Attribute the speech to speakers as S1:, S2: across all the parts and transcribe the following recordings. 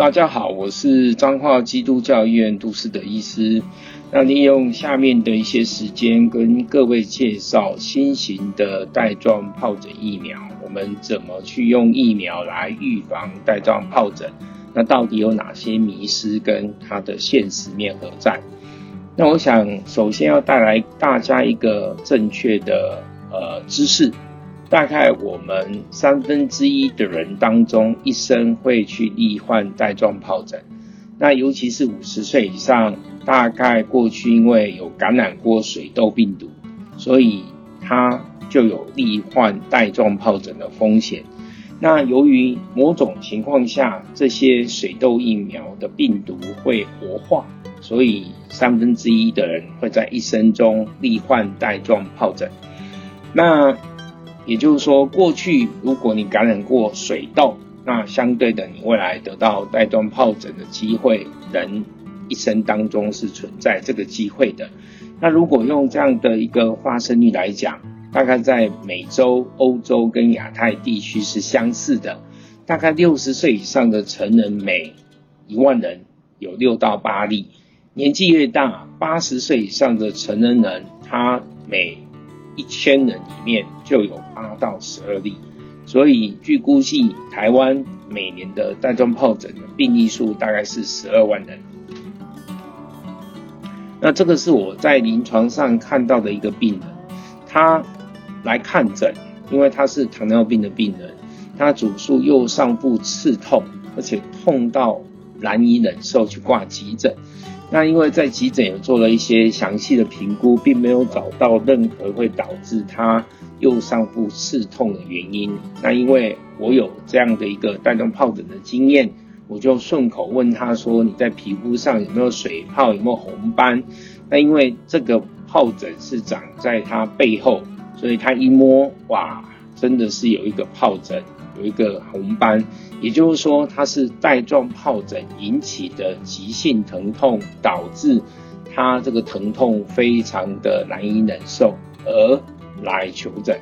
S1: 大家好，我是彰化基督教醫院杜思德醫師。那利用下面的一些時間，跟各位介紹新型的帶狀疱疹疫苗。我們怎麼去用疫苗來預防帶狀疱疹？那到底有哪些迷思跟它的現實面何在？那我想首先要帶來大家一個正確的呃知識。大概我們三分之一的人當中，一生會去罹患帶狀皰疹。那尤其是五十歲以上，大概過去因為有感染過水痘病毒，所以它就有罹患帶狀皰疹的風險。那由於某種情況下，這些水痘疫苗的病毒會活化，所以三分之一的人會在一生中罹患帶狀皰疹。那也就是說，過去如果你感染過水痘，那相對的，你未來得到帶狀疱疹的機會，人一生當中是存在這個機會的。那如果用這樣的一個發生率來講，大概在美洲、歐洲跟亞太地區是相似的。大概六十歲以上的成人，每一萬人有六到八例。年紀越大，八十歲以上的成人人，他每一千人裡面就有八到十二例，所以據估計，台灣每年的帶狀疱疹的病例數大概是十二萬人。那這個是我在臨床上看到的一個病人，他來看診，因為他是糖尿病的病人，他主訴右上腹刺痛，而且痛到難以忍受去掛急，去掛急診。那因為在急診有做了一些詳細的評估，並沒有找到任何會導致他右上部刺痛的原因。那因為我有這樣的一個帶狀疱疹的經驗，我就順口問他說：“你在皮膚上有沒有水泡，有沒有紅斑？”那因為這個疱疹是長在他背後，所以他一摸，哇，真的是有一個疱疹。有一個紅斑，也就是說它是帶狀疱疹引起的急性疼痛，導致它這個疼痛非常的難以忍受而來求診。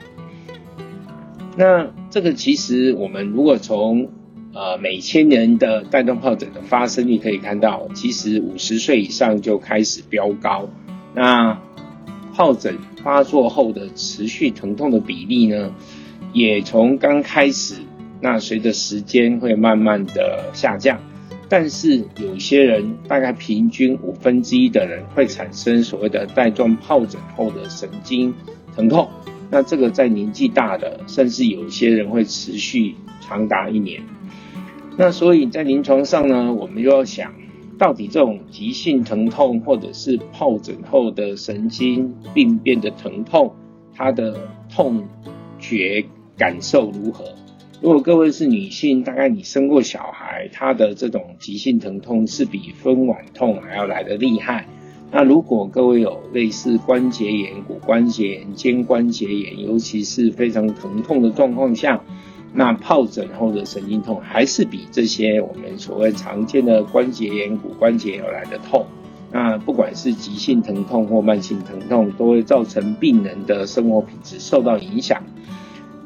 S1: 那這個其實我們如果從呃每千人的帶狀疱疹的發生率可以看到，其實五十歲以上就開始飆高。那疱疹發作後的持續疼痛的比例呢，也從剛開始，那隨着時間會慢慢的下降，但是有些人，大概平均五分之一的人會產生所謂的帶狀疱疹後的神經疼痛，那這個在年紀大的，甚至有些人會持續長達一年。那所以在臨床上呢，我們就要想到底這種急性疼痛，或者是疱疹後的神經病變的疼痛，它的痛覺。感受如何？如果各位是女性，大概你生過小孩，她的這種急性疼痛是比分娩痛還要來得厲害。那如果各位有類似關節炎、骨關節炎、肩關節炎，尤其是非常疼痛的狀況下，那疱疹後的神經痛還是比這些我們所謂常見的關節炎、骨關節要來得痛。那不管是急性疼痛或慢性疼痛，都會造成病人的生活品質受到影響。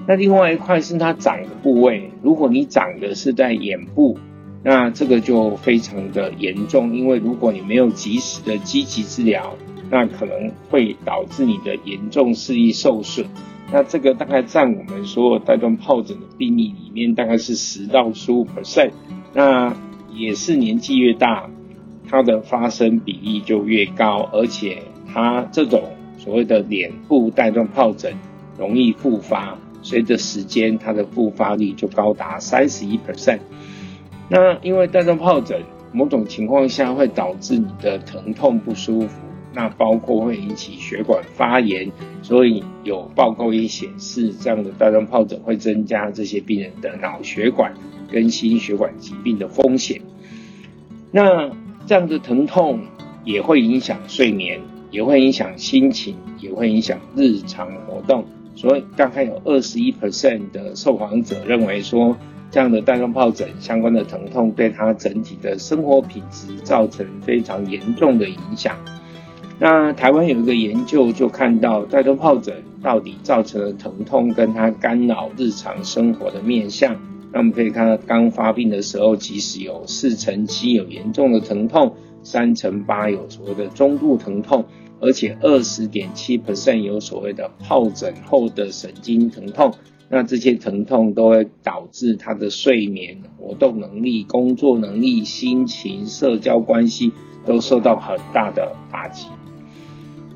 S1: 那另外一塊是它長的部位，如果你長的是在眼部，那這個就非常的嚴重，因為如果你沒有及時的積極治療，那可能會導致你的嚴重視力受損。那這個大概占我們所有帶狀疱疹的病例裡面，大概是十到十五 percent。那也是年紀越大，它的發生比例就越高，而且它這種所謂的臉部帶狀疱疹容易復發。隨着時間，它的復發率就高達三十一 percent。那因為帶狀疱疹某種情況下會導致你的疼痛不舒服，那包括會引起血管發炎，所以有報告也顯示，這樣的帶狀疱疹會增加這些病人的腦血管跟心血管疾病的風險。那這樣的疼痛也會影響睡眠，也會影響心情，也會影響日常活動。所以，大概有二十一 percent 的受訪者認為說，這樣的帶狀疱疹相關的疼痛對他整體的生活品質造成非常嚴重的影響。那台灣有一個研究就看到，帶狀疱疹到底造成了疼痛，跟他干擾日常生活的面向。那我們可以看到，剛發病的時候，即使有四成七有嚴重的疼痛，三成八有所謂的中度疼痛。而且二十點七 percent 有所謂的疱疹後的神經疼痛，那這些疼痛都會導致他的睡眠、活動能力、工作能力、心情、社交關係都受到很大的打擊。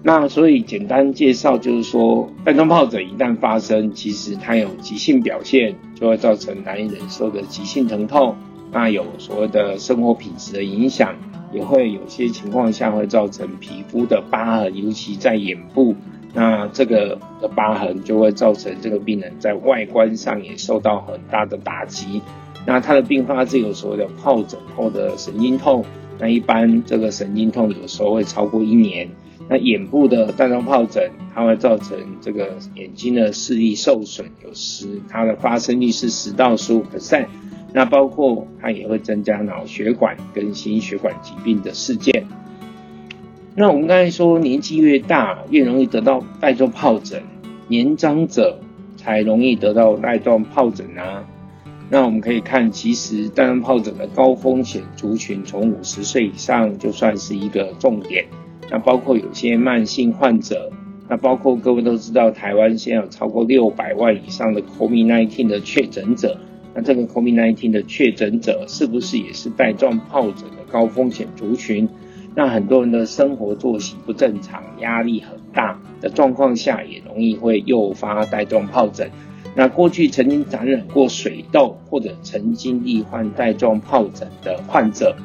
S1: 那所以簡單介紹就是說，帶狀疱疹一旦發生，其實它有急性表現，就會造成難以忍受的急性疼痛，那有所謂的生活品質的影響。也會有些情況下會造成皮膚的疤痕，尤其在眼部，那這個的疤痕就會造成這個病人在外觀上也受到很大的打擊。那它的併發症有所謂的疱疹後的神經痛，那一般這個神經痛有時候會超過一年。那眼部的帶狀疱疹它會造成這個眼睛的視力受損、有失，它的發生率是十到十五 percent。那包括它也會增加腦血管跟心血管疾病的事件。那我們剛才說，年紀越大越容易得到帶狀疱疹，年長者才容易得到帶狀疱疹啊。那我們可以看，其實帶狀疱疹的高風險族群，從五十歲以上就算是一個重點。那包括有些慢性患者，那包括各位都知道，台灣現在有超過六百萬以上的 COVID-19 的確診者。那這個 COVID-19 的確診者是不是也是帶狀疱疹的高風險族群？那很多人的生活作息不正常，壓力很大的狀況下，也容易會誘發帶狀疱疹。那過去曾經感染過水痘，或者曾經罹患帶狀疱疹的患者，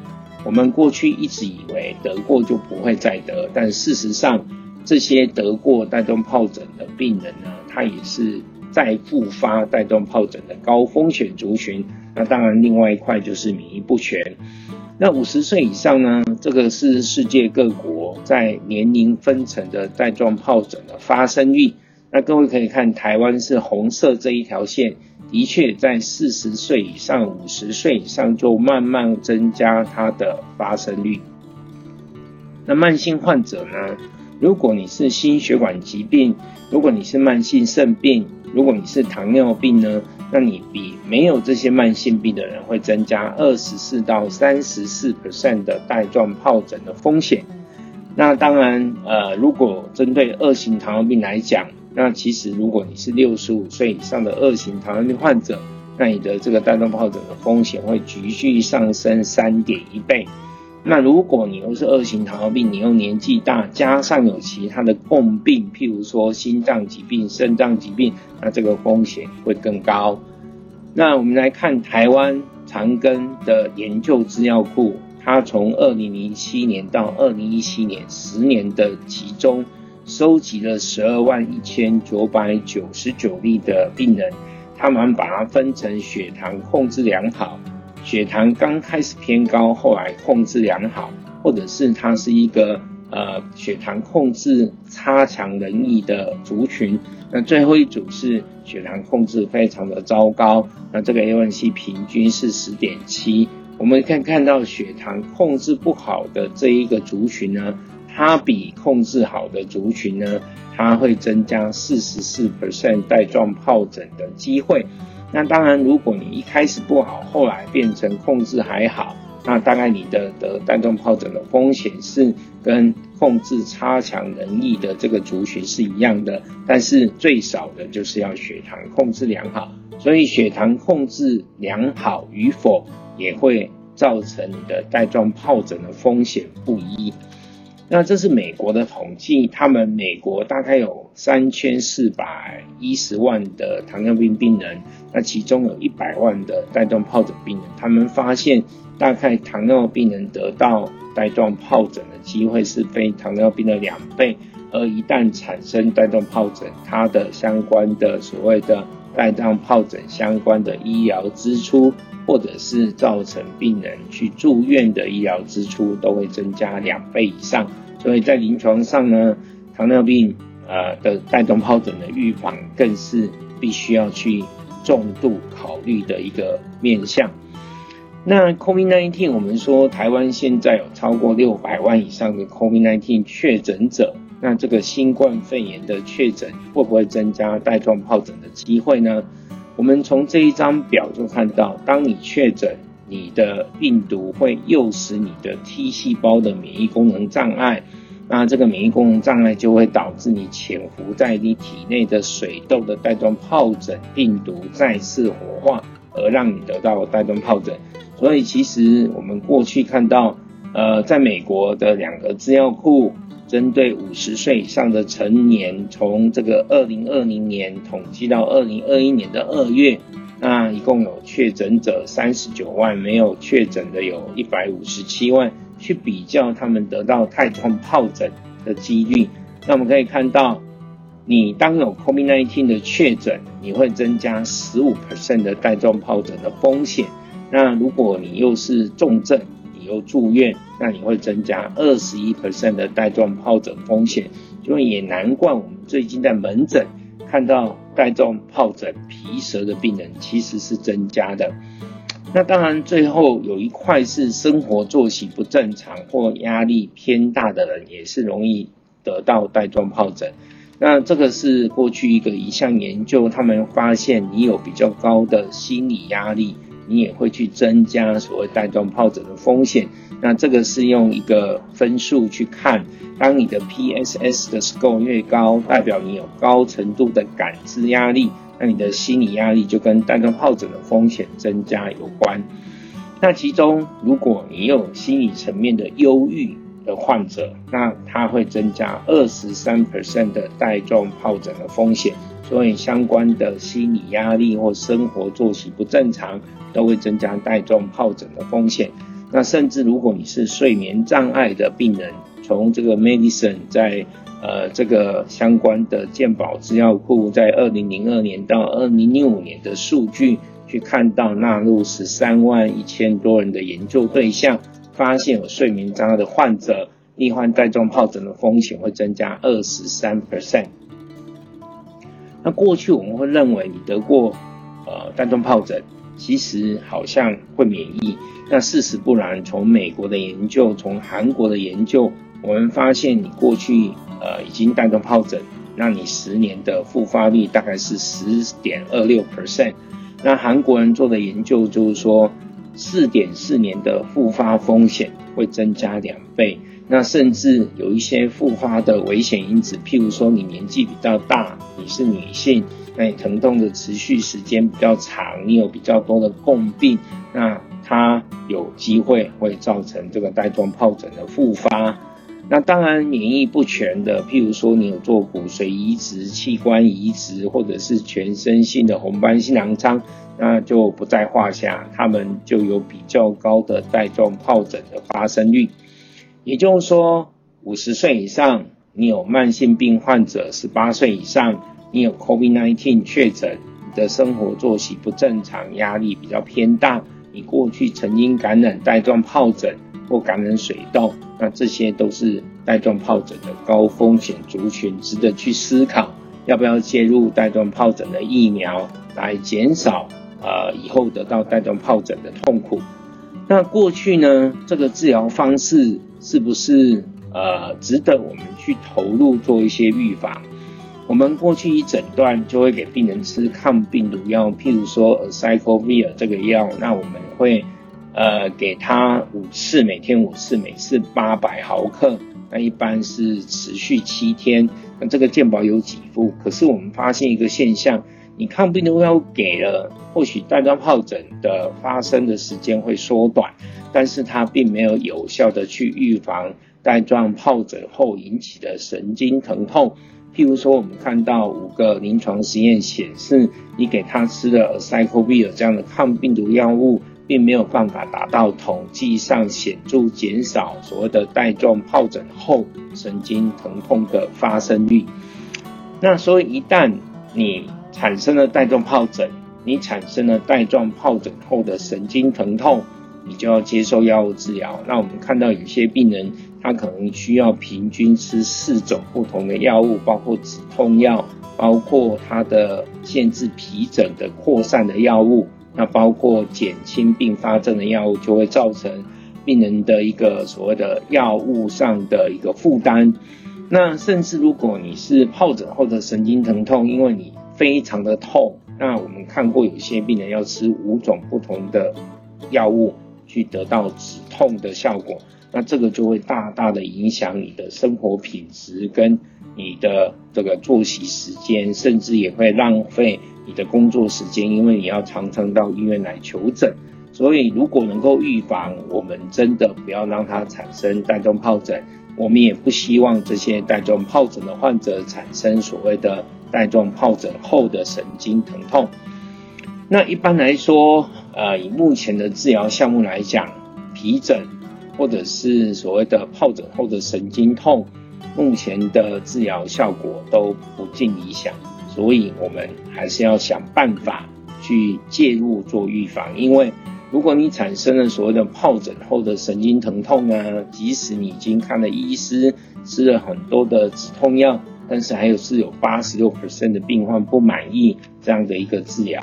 S1: 我們過去一直以為得過就不會再得，但事實上，這些得過帶狀疱疹的病人呢，他也是。再復發帶狀疱疹的高風險族群，那當然另外一塊就是免疫不全。那五十歲以上呢？這個是世界各國在年齡分層的帶狀疱疹的發生率。那各位可以看台灣是紅色這一條線，的確在四十歲以上，五十歲以上就慢慢增加它的發生率。那慢性患者呢？如果你是心血管疾病，如果你是慢性腎病，如果你是糖尿病呢？那你比沒有這些慢性病的人會增加二十四到三十四 percent 的帶狀疱疹的風險。那當然，呃，如果針對二型糖尿病來講，那其實如果你是六十五歲以上的二型糖尿病患者，那你的這個帶狀疱疹的風險會急劇上升三點一倍。那如果你又是二型糖尿病，你又年紀大，加上有其他的共病，譬如說心臟疾病、腎臟疾病，那這個風險會更高。那我們來看台灣長庚的研究資料庫，它從二零零七年到二零一七年十年的其中收集了十二萬一千九百九十九例的病人，他們把它分成血糖控制良好、血糖剛開始偏高，後來控制良好，或者是它是一個呃血糖控制差強人意的族群。那最後一組是血糖控制非常的糟糕，那這個 A1C 平均是十點七。我們可以看到血糖控制不好的這一個族群呢，它比控制好的族群呢，它會增加四十四 percent 帶狀皰疹的機會。那當然，如果你一開始不好，後來變成控制還好，那大概你的的帶狀疱疹的風險是跟控制差強人意的這個族群是一樣的。但是最少的就是要血糖控制良好，所以血糖控制良好與否，也會造成你的帶狀疱疹的風險不一。那這是美國的統計，他們美國大概有三千四百一十萬的糖尿病病人，那其中有一百萬的帶狀疱疹病人，他們發現大概糖尿病人得到帶狀疱疹的機會是非糖尿病的兩倍，而一旦產生帶狀疱疹，它的相關的所謂的帶狀疱疹相關的醫療支出，或者是造成病人去住院的醫療支出都會增加兩倍以上，所以在臨床上呢，糖尿病呃的帶狀疱疹的預防更是必須要去重度考慮的一個面向。那 COVID-19 我們說台灣現在有超過六百萬以上的 COVID-19 確診者，那這個新冠肺炎的確診會不會增加帶狀疱疹的機會呢？我們從這一張表就看到，當你確診，你的病毒會誘使你的 T 細胞的免疫功能障礙，那這個免疫功能障礙就會導致你潛伏在你體內的水痘的帶狀疱疹病毒再次活化，而讓你得到帶狀疱疹。所以，其實我們過去看到，呃，在美國的兩個資料庫。針對五十歲以上的成年，從這個二零二零年統計到二零二一年的二月，那一共有確診者三十九萬，沒有確診的有一百五十七萬。去比較他們得到帶狀疱疹的幾率，那我們可以看到，你當有 COVID-19 的確診，你會增加十五 percent 的帶狀疱疹的風險。那如果你又是重症，又住院，那你會增加二十一 percent 的帶狀疱疹風險，就也難怪我們最近在門診看到帶狀疱疹皮蛇的病人其實是增加的。那當然，最後有一塊是生活作息不正常或壓力偏大的人，也是容易得到帶狀疱疹。那這個是過去一個一項研究，他們發現你有比較高的心理壓力。你也會去增加所謂帶狀疱疹的風險，那這個是用一個分數去看，當你的 PSS 的 score 越高，代表你有高程度的感知壓力，那你的心理壓力就跟帶狀疱疹的風險增加有關。那其中，如果你有心理層面的憂鬱，的患者，那他會增加二十三 percent 的帶狀皰疹的風險，所以相關的心理壓力或生活作息不正常，都會增加帶狀皰疹的風險。那甚至如果你是睡眠障礙的病人，從這個 Medicine 在呃這個相關的健保資料庫在二零零二年到二零零五年的數據，去看到納入十三萬一千多人的研究對象。發現有睡眠障礙的患者，罹患帶狀疱疹的風險會增加23%。那過去我們會認為你得過呃帶狀疱疹，其實好像會免疫。那事實不然，從美國的研究，從韓國的研究，我們發現你過去呃已經帶狀疱疹，那你十年的復發率大概是10.26%。那韓國人做的研究就是說，四點四年的復發風險會增加兩倍，那甚至有一些復發的危險因子，譬如說你年紀比較大，你是女性，那你疼痛的持續時間比較長，你有比較多的共病，那它有機會會造成這個帶狀疱疹的復發。那當然，免疫不全的，譬如說你有做骨髓移植、器官移植，或者是全身性的紅斑性狼瘡，那就不在話下，他們就有比較高的帶狀疱疹的發生率。也就是說，五十歲以上你有慢性病患者，十八歲以上你有 COVID-19 確診，你的生活作息不正常，壓力比較偏大，你過去曾經感染帶狀疱疹。或感染水痘，那這些都是帶狀皰疹的高風險族群，值得去思考要不要介入帶狀皰疹的疫苗來，來減少呃以後得到帶狀皰疹的痛苦。那過去呢，這個治療方式是不是呃值得我們去投入做一些預防？我們過去一診斷就會給病人吃抗病毒藥，譬如說 acyclovir 這個藥，那我們會。呃，給他五次，每天五次，每次八百毫克。那一般是持續七天。那這個健保有給付。可是我們發現一個現象：你抗病毒藥物給了，或許帶狀皰疹的發生的時間會縮短，但是它並沒有有效的去預防帶狀皰疹後引起的神經疼痛。譬如說，我們看到五個臨床實驗顯示，你給他吃了 Acyclovir 這樣的抗病毒藥物。並沒有辦法達到統計上顯著減少所謂的帶狀疱疹後神經疼痛的發生率。那所以一旦你產生了帶狀疱疹，你產生了帶狀疱疹後的神經疼痛，你就要接受藥物治療。那我們看到有些病人，他可能需要平均吃四種不同的藥物，包括止痛藥，包括他的限制皮疹的擴散的藥物。那包括減輕併发症的藥物，就會造成病人的一個所謂的藥物上的一個負擔。那甚至如果你是疱疹後的神經疼痛，因為你非常的痛，那我們看過有些病人要吃五種不同的藥物去得到止痛的效果，那這個就會大大的影響你的生活品質跟你的。這個作息時間，甚至也會浪費你的工作時間，因為你要常常到醫院來求診。所以，如果能夠預防，我們真的不要讓它產生帶狀疱疹。我們也不希望這些帶狀疱疹的患者產生所謂的帶狀疱疹後的神經疼痛。那一般來說，呃，以目前的治療項目來講，皮疹或者是所謂的疱疹後的神經痛。目前的治療效果都不盡理想，所以我們還是要想辦法去介入做預防。因為如果你產生了所謂的疱疹後的神經疼痛啊，即使你已經看了醫師，吃了很多的止痛藥，但是還有是有八十六 percent 的病患不滿意這樣的一個治療。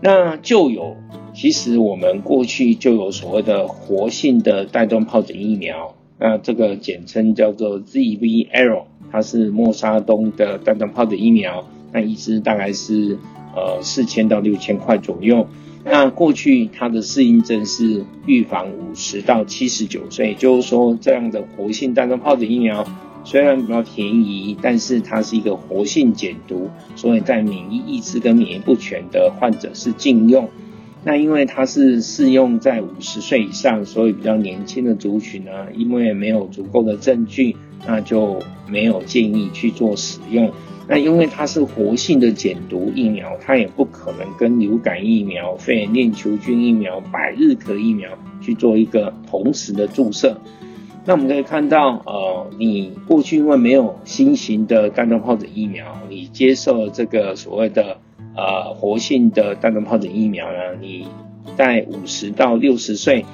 S1: 那就有，其實我們過去就有所謂的活性的帶狀疱疹疫苗。那這個簡稱叫做 ZVL，它是默沙東的帶狀疱疹疫苗，那一支大概是呃四千到六千塊左右。那過去它的適應症是預防五十到七十九歲，就是說這樣的活性帶狀疱疹疫苗雖然比較便宜，但是它是一個活性減毒，所以在免疫抑制跟免疫不全的患者是禁用。那因為它是適用在五十歲以上，所以比較年輕的族群呢、啊，因為沒有足夠的證據，那就沒有建議去做使用。那因為它是活性的減毒疫苗，它也不可能跟流感疫苗、肺炎鏈球菌疫苗、百日咳疫苗去做一個同時的注射。那我們可以看到，呃，你過去因為沒有新型的帶狀疱疹疫苗，你接受了這個所謂的。呃，活性的帶狀疱疹疫苗呢，你在五十到六十歲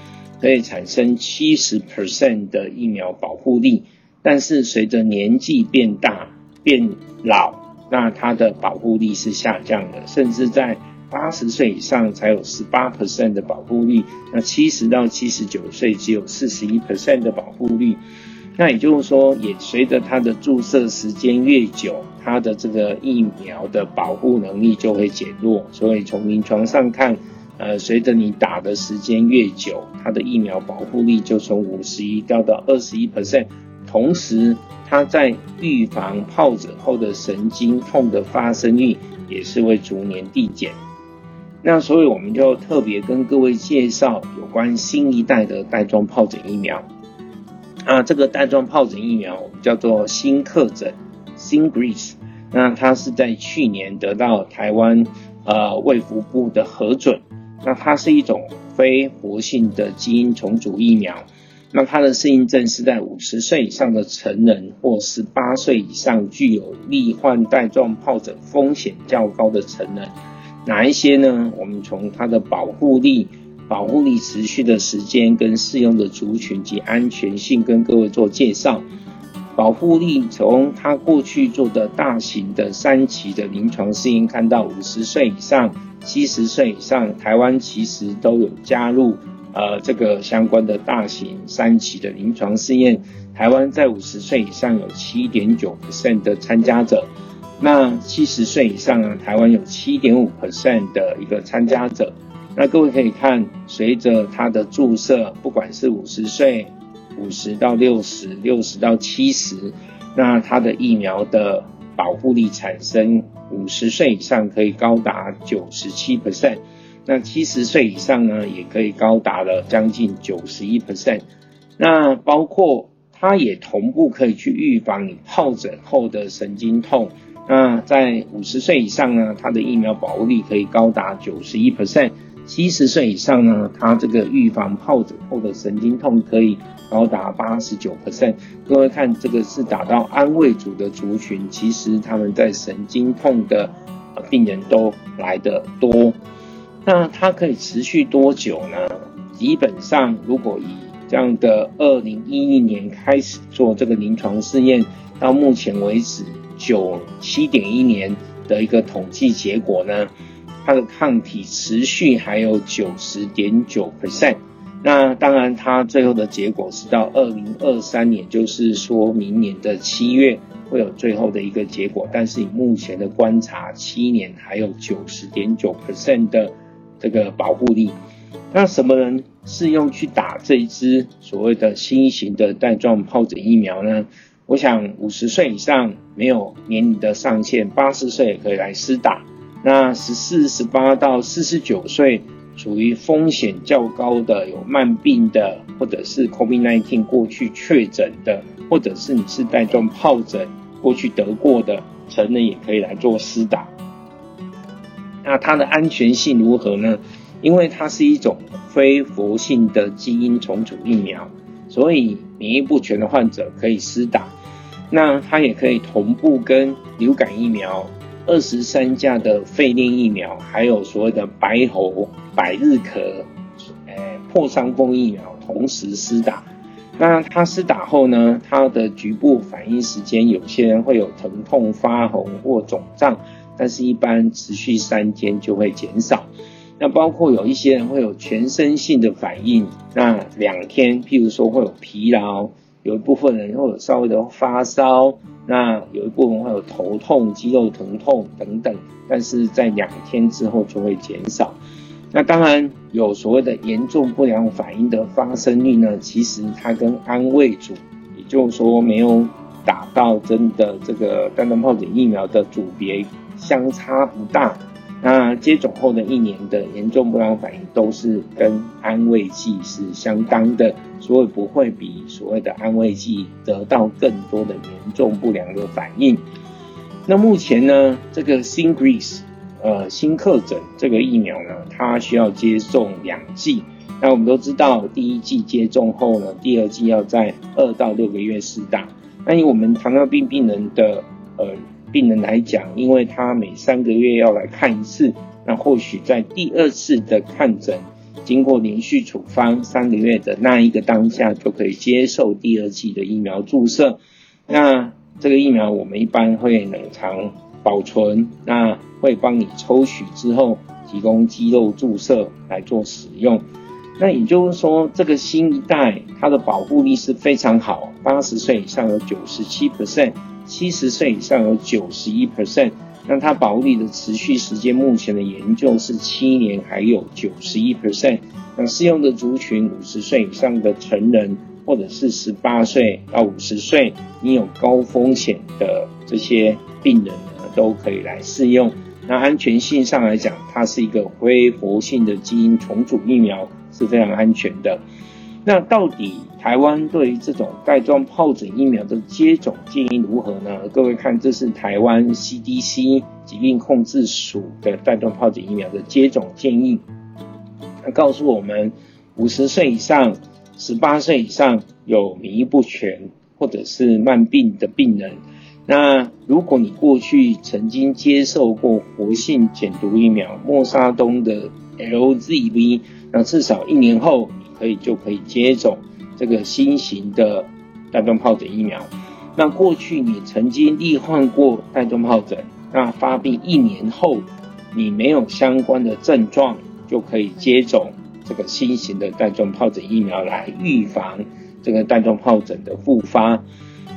S1: 可以產生七十 percent 的疫苗保護力，但是隨着年紀變大變老，那它的保護力是下降的，甚至在八十歲以上才有十八 percent 的保護力，那七十到七十九歲只有四十一 percent 的保護力。那也就是說，也隨着它的注射時間越久，它的這個疫苗的保護能力就會減弱。所以從臨床上看，呃，隨着你打的時間越久，它的疫苗保護力就從五十一掉到二十一 percent，同時它在預防疱疹後的神經痛的發生率也是會逐年遞減。那所以我們就特別跟各位介紹有關新一代的帶狀疱疹疫苗。啊，這個帶狀皰疹疫苗我們叫做欣剋疹 Shingrix 那它是在去年得到台灣呃衛福部的核准。那它是一種非活性的基因重組疫苗。那它的適應症是在五十歲以上的成人，或十八歲以上具有罹患帶狀皰疹風險較高的成人。哪一些呢？我們從它的保護力。保護力持續的時間，跟適用的族群及安全性，跟各位做介紹。保護力從他過去做的大型的三期的臨床試驗看到，五十歲以上、七十歲以上，台灣其實都有加入呃這個相關的大型三期的臨床試驗。台灣在五十歲以上有七點九 percent 的參加者，那七十歲以上啊，台灣有七點五 percent 的一個參加者。那各位可以看，隨着它的注射，不管是五十歲、五十到六十、六十到七十，那它的疫苗的保護力產生，五十歲以上可以高達九十七 percent，那七十歲以上呢，也可以高達了將近九十一 percent。那包括它也同步可以去預防你疱疹後的神經痛。那在五十歲以上呢，它的疫苗保護力可以高達九十一 percent。七十歲以上呢，他這個預防疱疹後的神經痛可以高達八十九個%，各位看這個是打到安慰組的族群，其實他們在神經痛的病人都來得多。那它可以持續多久呢？基本上，如果以這樣的二零一一年開始做這個臨床試驗，到目前為止九七點一年的一個統計結果呢，它的抗體持續還有九十點九 percent，那當然它最後的結果是到二零二三年，就是說明年的七月會有最後的一個結果。但是以目前的觀察，七年還有九十點九 percent 的這個保護力。那什麼人適用去打這一支所謂的新型的帶狀疱疹疫苗呢？我想五十歲以上沒有年齡的上限，八十歲也可以來施打。那十四、十八到四十九歲，屬於風險較高的、有慢病的，或者是 COVID-19 過去確診的，或者是你是帶狀疱疹過去得過的成人，也可以來做施打。那它的安全性如何呢？因為它是一種非活性的基因重組疫苗，所以免疫不全的患者可以施打。那它也可以同步跟流感疫苗，二十三價的肺炎疫苗，還有所謂的白喉、百日咳、誒破傷風疫苗同時施打。那他施打後呢，他的局部反應時間，有些人會有疼痛、發紅或腫脹，但是一般持續三天就會減少。那包括有一些人會有全身性的反應，那兩天，譬如說會有疲勞，有一部分人會有稍微的發燒。那有一部分會有頭痛、肌肉疼痛等等，但是在兩天之後就會減少。那當然有所謂的嚴重不良反應的發生率呢？其實它跟安慰組，也就是說沒有打到真的這個帶狀疱疹疫苗的組別相差不大。那接種後的一年的嚴重不良反應都是跟安慰劑是相當的，所以不會比所謂的安慰劑得到更多的嚴重不良的反應。那目前呢，這個 Shingrix 呃欣剋疹這個疫苗呢，它需要接種兩劑。那我們都知道，第一劑接種後呢，第二劑要在二到六個月施打。那以我們糖尿病病人的呃。病人來講，因為他每三個月要來看一次，那或許在第二次的看診，經過連續處方三個月的那一個當下，就可以接受第二劑的疫苗注射。那這個疫苗我們一般會冷藏保存，那會幫你抽取之後提供肌肉注射來做使用。那也就是說，這個新一代它的保護力是非常好，八十歲以上有九十七 percent。七十歲以上有九十一 percent，那它保護力的持續時間，目前的研究是七年，還有九十一 percent。那適用的族群，五十歲以上的成人，或者是十八歲到五十歲，你有高風險的這些病人呢，都可以來適用。那安全性上來講，它是一個非活性的基因重組疫苗，是非常安全的。那到底台灣對於這種帶狀疱疹疫苗的接種建議如何呢？各位看，這是台灣 CDC 疾病控制署的帶狀疱疹疫苗的接種建議。那告訴我們，五十歲以上、十八歲以上有免疫不全或者是慢病的病人，那如果你過去曾經接受過活性減毒疫苗莫沙東的 LZV，那至少一年後，可以就可以接種這個新型的帶狀疱疹疫苗。那過去你曾經罹患過帶狀疱疹，那發病一年後，你沒有相關的症狀，就可以接種這個新型的帶狀疱疹疫苗來預防這個帶狀疱疹的復發。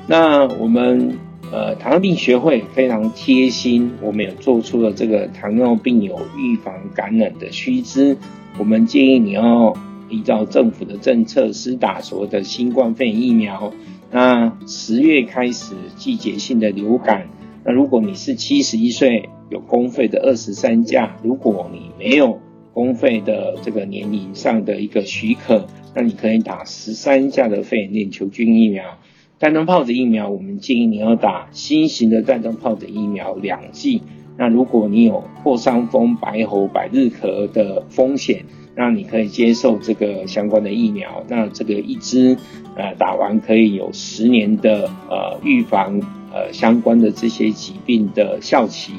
S1: 那我們呃糖尿病學會非常貼心，我們有做出了這個糖尿病友預防感染的須知，我們建議你要。依照政府的政策，施打所謂的新冠肺炎疫苗。那十月開始季節性的流感。那如果你是七十一歲有公費的二十三價，如果你沒有公費的這個年齡上的一個許可，那你可以打十三價的肺炎鏈球菌疫苗。帶狀疱疹疫苗，我們建議你要打新型的帶狀疱疹疫苗兩劑。那如果你有破傷風、白喉、百日咳的風險。那你可以接受這個相關的疫苗，那這個一支，呃，打完可以有十年的呃預防呃相關的這些疾病的效期。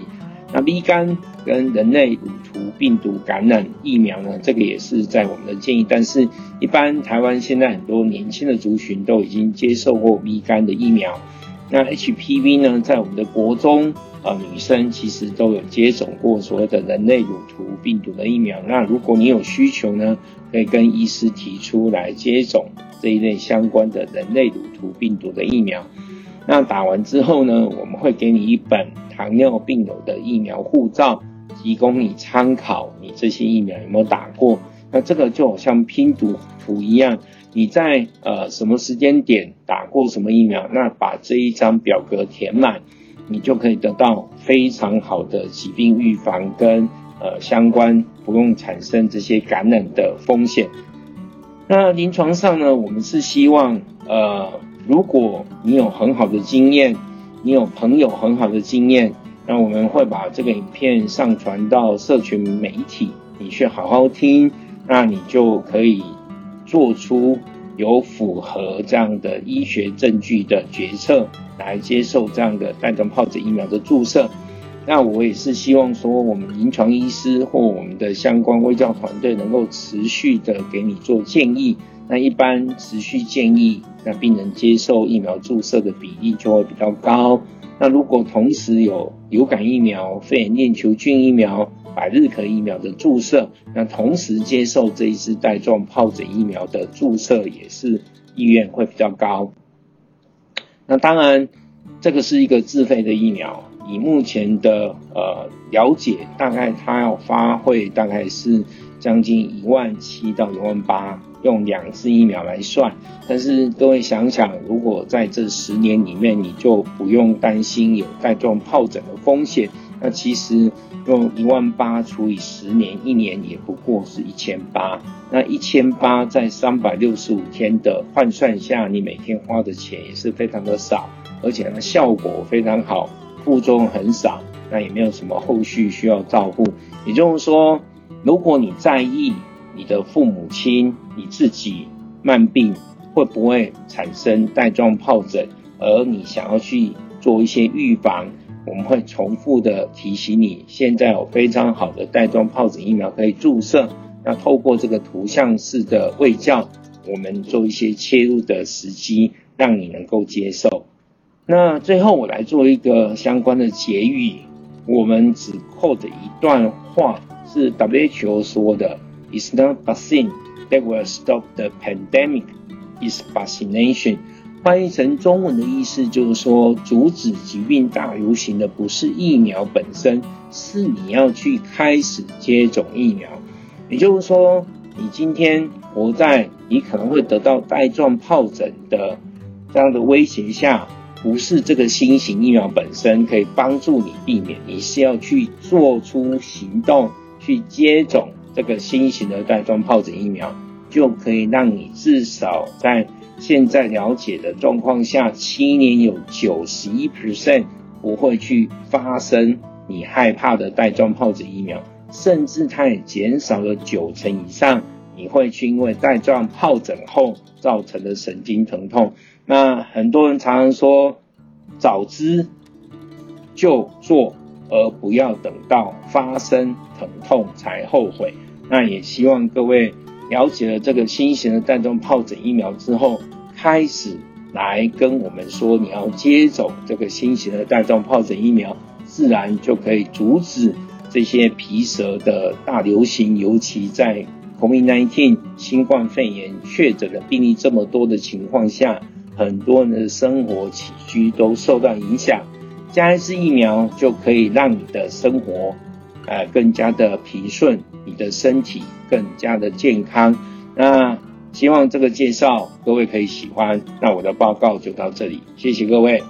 S1: 那 B 肝跟人類乳突病毒感染疫苗呢，這個也是在我們的建議，但是一般台灣現在很多年輕的族群都已經接受過 B 肝的疫苗。那 HPV 呢，在我們的國中啊、呃，女生其實都有接種過所謂的人類乳突病毒的疫苗。那如果你有需求呢，可以跟醫師提出來接種這一類相關的人類乳突病毒的疫苗。那打完之後呢，我們會給你一本糖尿病友的疫苗護照，提供你參考，你這些疫苗有沒有打過。那這個就好像拼圖一樣。你在呃什麼時間點打過什麼疫苗？那把這一張表格填滿，你就可以得到非常好的疾病預防跟呃相關，不用產生這些感染的風險。那臨床上呢，我們是希望呃，如果你有很好的經驗，你有朋友很好的經驗，那我們會把這個影片上傳到社群媒體，你去好好聽，那你就可以。做出有符合這樣的醫學證據的決策，來接受這樣的帶狀皰疹疫苗的注射。那我也是希望說，我們臨床醫師或我們的相關醫療團隊能夠持續的給你做建議。那一般持續建議，那病人接受疫苗注射的比例就會比較高。那如果同時有流感疫苗、肺炎鏈球菌疫苗、百日咳疫苗的注射，那同時接受這一次帶狀疱疹疫苗的注射也是意願會比較高。那當然，這個是一個自費的疫苗，以目前的呃了解，大概它要花費大概是。將近一萬七到一萬八，用兩次疫苗來算。但是各位想想，如果在這十年裡面，你就不用擔心有帶狀疱疹的風險，那其實用一萬八除以十年，一年也不過是一千八。那一千八在三百六十五天的換算下，你每天花的錢也是非常的少，而且呢效果非常好，副作用很少，那也沒有什麼後續需要照顧。也就是說。如果你在意你的父母親、你自己，慢病會不會產生帶狀疱疹，而你想要去做一些預防，我們會重複的提醒你。現在有非常好的帶狀疱疹疫苗可以注射，那透過這個圖像式的衛教，我們做一些切入的時機，讓你能夠接受。那最後我來做一個相關的結語，我們只扣著一段話。是 WHO 說的，"It's not vaccine that will stop the pandemic, it's vaccination"，翻譯成中文的意思就是說，阻止疾病大流行的不是疫苗本身，是你要去開始接種疫苗。也就是說，你今天活在你可能會得到帶狀疱疹的這樣的威脅下，不是這個新型疫苗本身可以幫助你避免，你是要去做出行動。去接種這個新型的帶狀疱疹疫苗，就可以讓你至少在現在了解的狀況下，七年有九十一 percent 不會去發生你害怕的帶狀疱疹疫苗，甚至它也減少了九成以上，你會去因為帶狀疱疹後造成的神經疼痛。那很多人常常說，早知就做。而不要等到發生疼痛才後悔。那也希望各位了解了這個新型的帶狀疱疹疫苗之後，開始來跟我們說，你要接種這個新型的帶狀疱疹疫苗，自然就可以阻止這些皮蛇的大流行。尤其在 COVID-19 新冠肺炎確診的病例這麼多的情況下，很多人的生活起居都受到影響。加一次疫苗就可以讓你的生活，呃更加的平順，你的身體更加的健康。那希望這個介紹各位可以喜歡。那我的報告就到這裡，謝謝各位。